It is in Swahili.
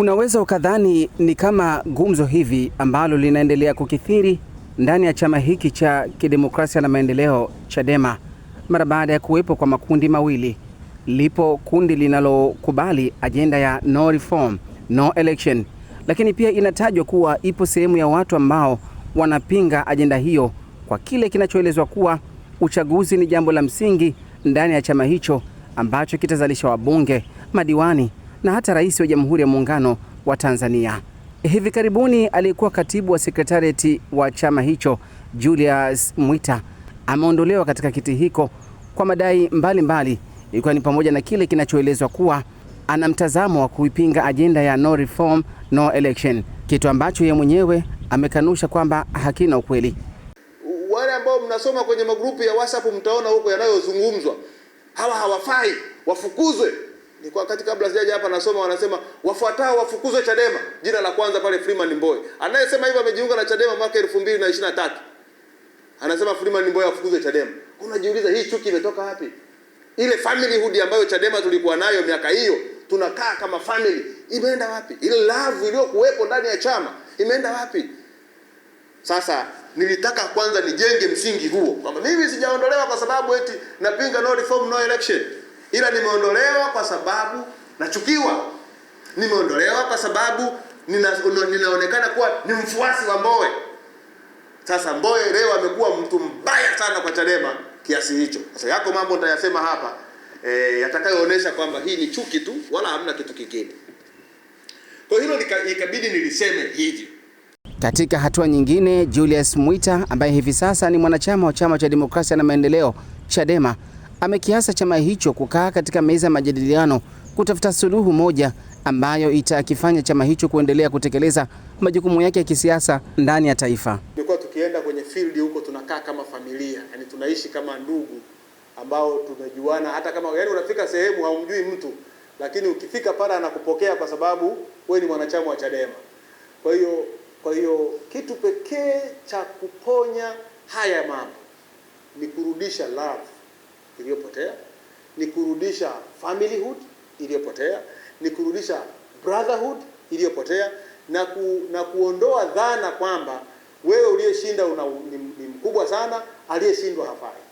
Unaweza ukadhani ni kama gumzo hivi ambalo linaendelea kukithiri ndani ya chama hiki cha kidemokrasia na maendeleo Chadema mara baada ya kuwepo kwa makundi mawili. Lipo kundi linalokubali ajenda ya no reform, no election, lakini pia inatajwa kuwa ipo sehemu ya watu ambao wanapinga ajenda hiyo kwa kile kinachoelezwa kuwa uchaguzi ni jambo la msingi ndani ya chama hicho ambacho kitazalisha wabunge, madiwani na hata rais wa Jamhuri ya Muungano wa Tanzania. Hivi karibuni aliyekuwa katibu wa sekretarieti wa chama hicho Julius Mwita ameondolewa katika kiti hiko kwa madai mbalimbali, ikiwa ni pamoja na kile kinachoelezwa kuwa ana mtazamo wa kuipinga ajenda ya no reform no election, kitu ambacho yeye mwenyewe amekanusha kwamba hakina ukweli. Wale ambao mnasoma kwenye magrupu ya WhatsApp mtaona huko yanayozungumzwa, hawa hawafai, wafukuzwe ni kwa wakati kabla sijaja hapa nasoma, wanasema wafuatao wafukuzwe Chadema. Jina la kwanza pale Freeman Mbowe, anayesema hivyo amejiunga na Chadema mwaka 2023 anasema Freeman Mbowe afukuzwe Chadema. Unajiuliza hii chuki imetoka wapi? Ile family hood ambayo Chadema tulikuwa nayo miaka hiyo, tunakaa kama family, imeenda wapi? Ile love iliyokuwepo ndani ya chama imeenda wapi? Sasa nilitaka kwanza nijenge msingi huo kwamba mimi sijaondolewa kwa sababu eti napinga no reform no election ila nimeondolewa kwa sababu nachukiwa, nimeondolewa kwa sababu nina, ninaonekana kuwa ni mfuasi wa Mbowe. Sasa Mbowe leo amekuwa mtu mbaya sana kwa Chadema kiasi hicho. Sasa yako mambo nitayasema hapa e, yatakayoonyesha kwamba hii ni chuki tu, wala hamna kitu kingine. Kwa hilo ikabidi niliseme hivi. Katika hatua nyingine, Julius Mwita ambaye hivi sasa ni mwanachama wa chama cha demokrasia na maendeleo Chadema amekiasa chama hicho kukaa katika meza ya majadiliano kutafuta suluhu moja ambayo itakifanya chama hicho kuendelea kutekeleza majukumu yake ya kisiasa ndani ya taifa. Tumekuwa tukienda kwenye field huko, tunakaa kama familia, yani tunaishi kama ndugu ambao tunajuana, hata kama yani unafika sehemu haumjui mtu, lakini ukifika pale anakupokea kwa sababu we ni mwanachama wa Chadema. Kwa hiyo kwa hiyo kitu pekee cha kuponya haya mambo ni kurudisha love iliyopotea, ni kurudisha familyhood iliyopotea, ni kurudisha brotherhood iliyopotea na, ku, na kuondoa dhana kwamba wewe uliyeshinda ni mkubwa sana, aliyeshindwa hafai.